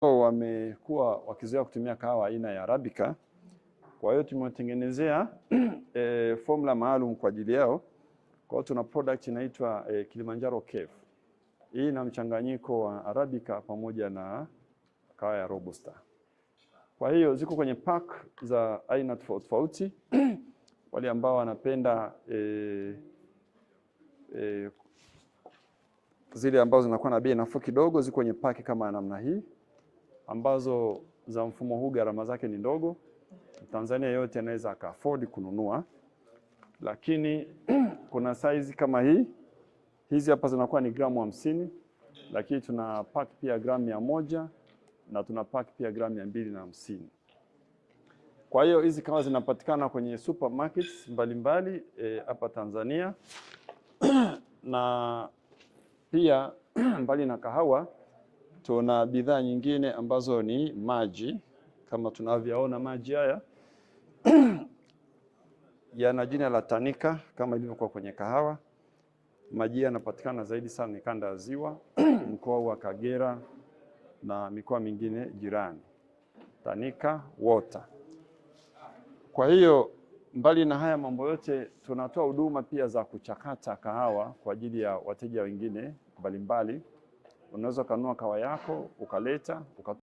Wamekuwa wakizoea kutumia kahawa aina ya Arabica, kwa hiyo tumewatengenezea e, eh, formula maalum kwa ajili yao. Kwa hiyo tuna product inaitwa e, Kilimanjaro Cave. Hii ina mchanganyiko wa Arabica pamoja na kahawa ya Robusta. Kwa hiyo ziko kwenye pack za aina tofauti tofauti. Wale ambao wanapenda e, e, zile ambazo zinakuwa na bei nafuu kidogo ziko kwenye pack kama namna hii ambazo za mfumo huu gharama zake ni ndogo, Tanzania yote anaweza aka afford kununua, lakini kuna size kama hii, hizi hapa zinakuwa ni gramu hamsini, lakini tuna pack pia gramu mia moja na tuna pack pia gramu mia mbili na hamsini. Kwa hiyo hizi kawa zinapatikana kwenye supermarkets mbalimbali eh, hapa e, Tanzania na pia mbali na kahawa Tuna bidhaa nyingine ambazo ni maji kama tunavyoona maji haya yana jina la Tanika kama ilivyokuwa kwenye kahawa. Maji yanapatikana zaidi sana ni kanda ya Ziwa mkoa wa Kagera na mikoa mingine jirani. Tanika Water. Kwa hiyo mbali na haya mambo yote, tunatoa huduma pia za kuchakata kahawa kwa ajili ya wateja wengine mbalimbali. Unaweza ukanua kawa yako ukaleta uka